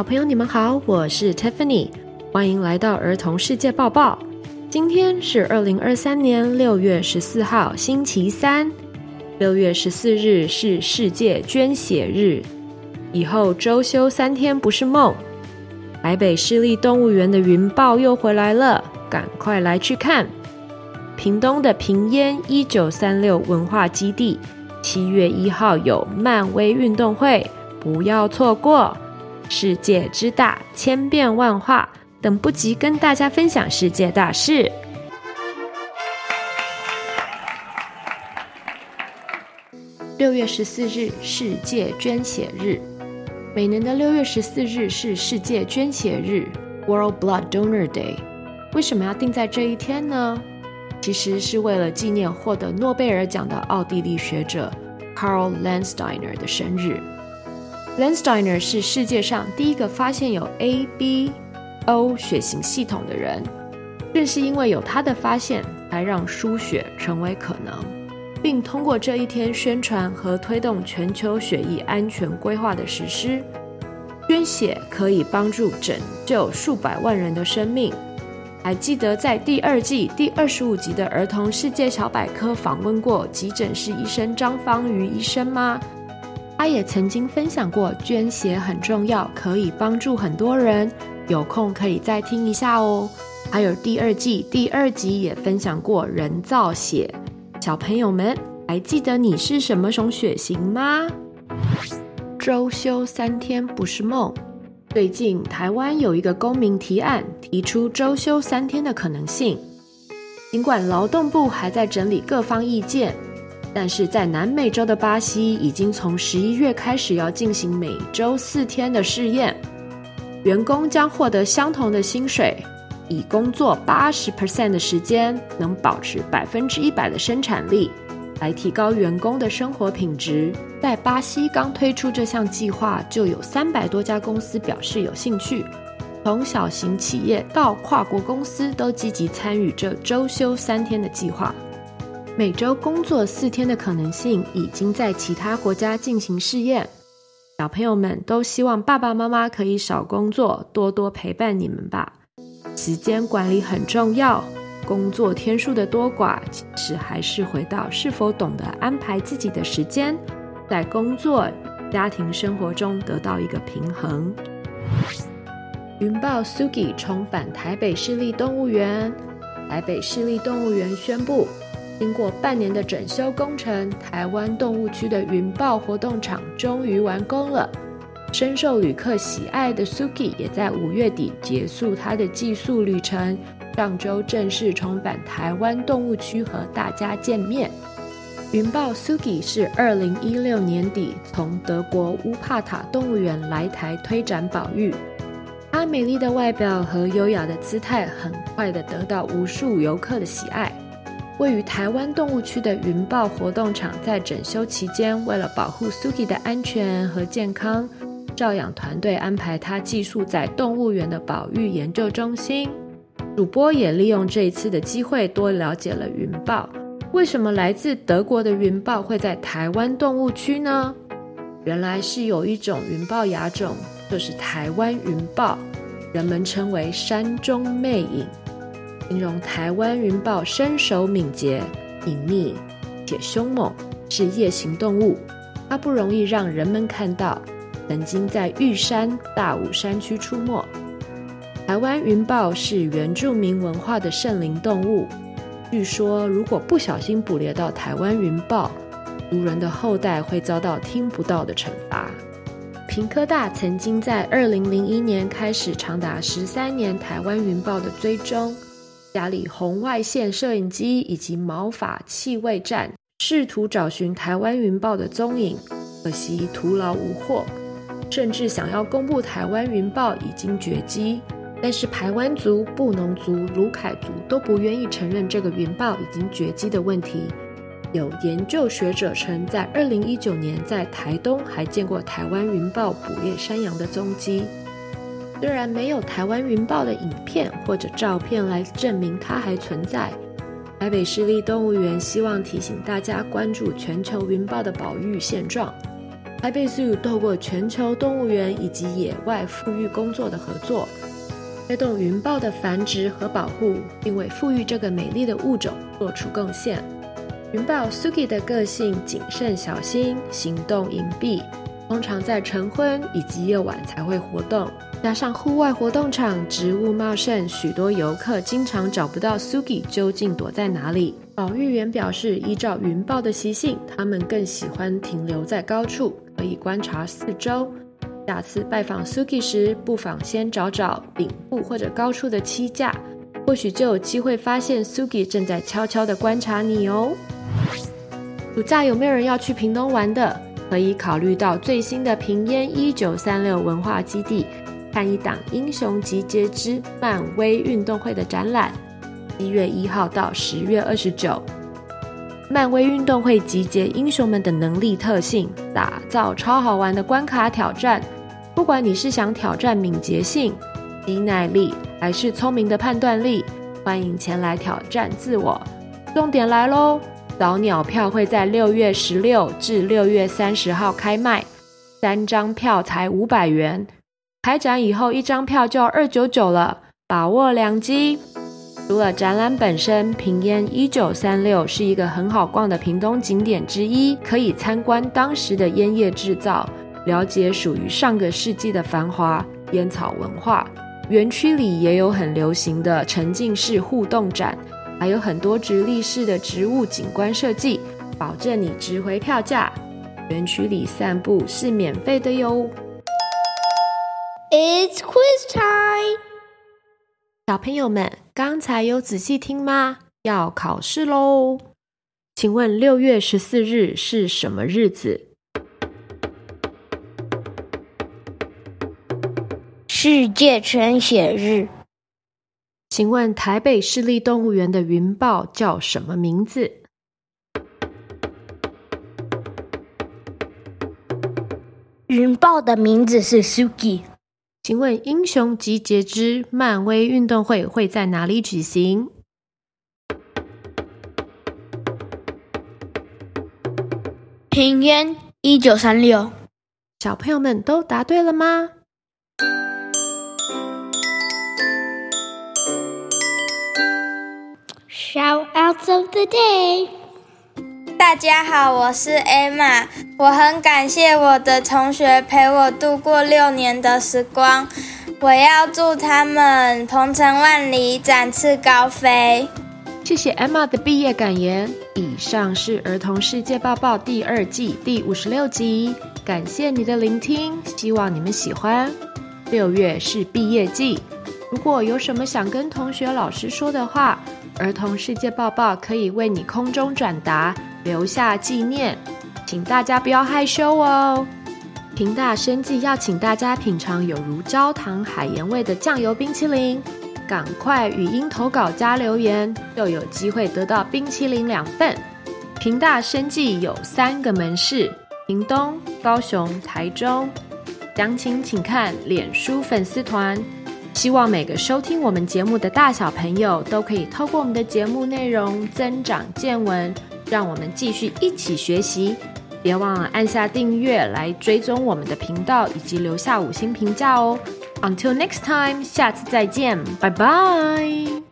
小朋友，你們好，我是 Tiffany，歡迎來到兒童世界報報。今天是二零二三年六月十四號，星期三。六月十四日是世界捐血日，以後週休三天不是夢。台北市立動物園的雲豹又回來了，趕快來去看。屏東的屏菸一九三六文化基地，七月一號有漫威運動會，不要錯過。世界之大，千變萬化，等不及跟大家分享世界大事。六月十四日，世界捐血日。每年的六月十四日是世界捐血日 （World Blood Donor Day）。為什麼要定在這一天呢？其實是為了紀念獲得諾貝爾獎的奧地利學者 Karl Landsteiner 的生日。Landsteiner 是世界上第一個發現有 A、B、O 血型系統的人，正是因為有他的發現，才讓輸血成為可能，並通過這一天宣傳和推動全球血液安全規劃的實施。捐血可以幫助拯救數百萬人的生命。還記得在第二季第二十五集的《兒童世界小百科》訪問過急診室醫生張芳瑜醫生嗎？他也曾經分享過，捐血很重要，可以幫助很多人，有空可以再聽一下哦。還有第二季第二集也分享過人造血，小朋友們還記得你是什麼種血型嗎？週休三天不是夢，最近台灣有一個公民提案提出週休三天的可能性，儘管勞動部還在整理各方意見。但是在南美洲的巴西，已經從十一月開始要進行每周四天的試驗，員工將獲得相同的薪水，以工作百分之八十的時間，能保持百分之一百的生產力，來提高員工的生活品質。在巴西剛推出這項計劃，就有三百多家公司表示有興趣，從小型企業到跨國公司都積極參與這周休三天的計劃。每週工作四天的可能性已經在其他國家進行試驗。小朋友們都希望爸爸媽媽可以少工作，多多陪伴你們吧。時間管理很重要，工作天數的多寡其實還是回到是否懂得安排自己的時間，在工作、家庭生活中得到一個平衡。雲豹蘇吉重返台北市立動物園。台北市立動物園宣布，經過半年的整修工程，台灣動物區的雲豹活動場終於完工了。深受旅客喜愛的 Suki 也在五月底結束它的寄宿旅程，上周正式重返台灣動物區和大家見面。雲豹 Suki 是二零一六年底從德國烏帕塔動物園來台推展保育，它美麗的外表和優雅的姿態，很快的得到無數遊客的喜愛。位於台灣動物區的雲豹活動場在整修期間，為了保護蘇 i 的安全和健康，照養團隊安排他寄宿在動物園的保育研究中心。主播也利用這一次的機會，多了解了雲豹。為什麼來自德國的雲豹會在台灣動物區呢？原來是有一種雲豹亞種，就是台灣雲豹，人們稱為山中魅影。形容台灣雲豹身手敏捷、隱秘且凶猛，是夜行動物，它不容易讓人們看到。曾經在玉山、大武山區出沒。台灣雲豹是原住民文化的聖靈動物，據說如果不小心捕獵到台灣雲豹，族人的後代會遭到聽不到的懲罰。屏科大曾經在二零零一年開始長達十三年台灣雲豹的追蹤。家裡紅外線攝影機以及毛髮氣味站，試圖找尋台灣雲豹的蹤影，可惜徒勞無獲。甚至想要公布台灣雲豹已經絕跡，但是排灣族、布農族、魯凱族都不願意承認這個雲豹已經絕跡的問題。有研究學者稱，在二零一九年在台東還見過台灣雲豹捕獵山羊的蹤跡。雖然沒有台灣雲豹的影片、或者照片來證明它還存在，台北市立動物園希望提醒大家關注全球雲豹的保育現狀。台北 Zoo 透過全球動物園以及野外復育工作的合作，推動雲豹的繁殖和保護，並為復育這個美麗的物種做出貢獻。雲豹 Sugi 的個性謹慎小心，行動隱蔽。通常在晨昏以及夜晚才會活動，加上戶外活動場植物茂盛，許多遊客經常找不到蘇 i 究竟躲在哪裡。保育員表示，依照雲豹的習性，它們更喜歡停留在高處，可以觀察四周。下次拜訪蘇 i 時，不妨先找找頂部或者高處的棲架，或許就有機會發現蘇 i 正在悄悄的觀察你哦。暑假有沒有人要去屏東玩的？可以考慮到最新的屏菸一九三六文化基地，看一檔《英雄集結之漫威運動會》的展覽，一月一號到十月二十九。漫威運動會集結英雄們的能力特性，打造超好玩的關卡挑戰。不管你是想挑戰敏捷性、耐力，還是聰明的判斷力，歡迎前來挑戰自我。重點來嘍！早鳥票會在六月十六至六月三十號開賣，三張票才五百元。開展以後，一張票就要二九九了，把握良機。除了展覽本身，屏菸一九三六是一個很好逛的屏東景點之一，可以參觀當時的菸葉製造，了解屬於上個世紀的繁華菸草文化。園區裡也有很流行的沉浸式互動展。還有很多直立式的植物景觀設計，保證你值回票價。園區裡散步是免費的喲。It's quiz time，小朋友們，剛才有仔細聽嗎？要考試嘍！請問六月十四日是什麼日子？世界捐血日。請問台北市立動物園的雲豹叫什麼名字？雲豹的名字是 Suki。請問《英雄集結之漫威運動會》會在哪裡舉行？屏菸1936。小朋友們都答對了嗎？Shout out to the day，大家好，我是 Emma，我很感謝我的同學陪我度過六年的時光，我要祝他們鵬程萬里，展翅高飛。謝謝 Emma 的畢業感言。以上是兒童世界報報第二季第五十六集，感謝你的聆聽，希望你們喜歡。六月是畢業季，如果有什麼想跟同學、老師說的話，兒童世界報報可以為你空中轉達，留下紀念，請大家不要害羞哦。屏大生記要請大家品嘗有如焦糖海鹽味的醬油冰淇淋，趕快語音投稿加留言，就有機會得到冰淇淋兩份。屏大生記有三個門市：屏東、高雄、台中。詳情請看臉書粉絲團。希望每個收聽我們節目的大小朋友都可以透過我們的節目內容增長見聞，讓我們繼續一起學習。別忘了按下訂閱來追蹤我們的頻道，以及留下五星評價哦。Until next time，下次再見，拜拜。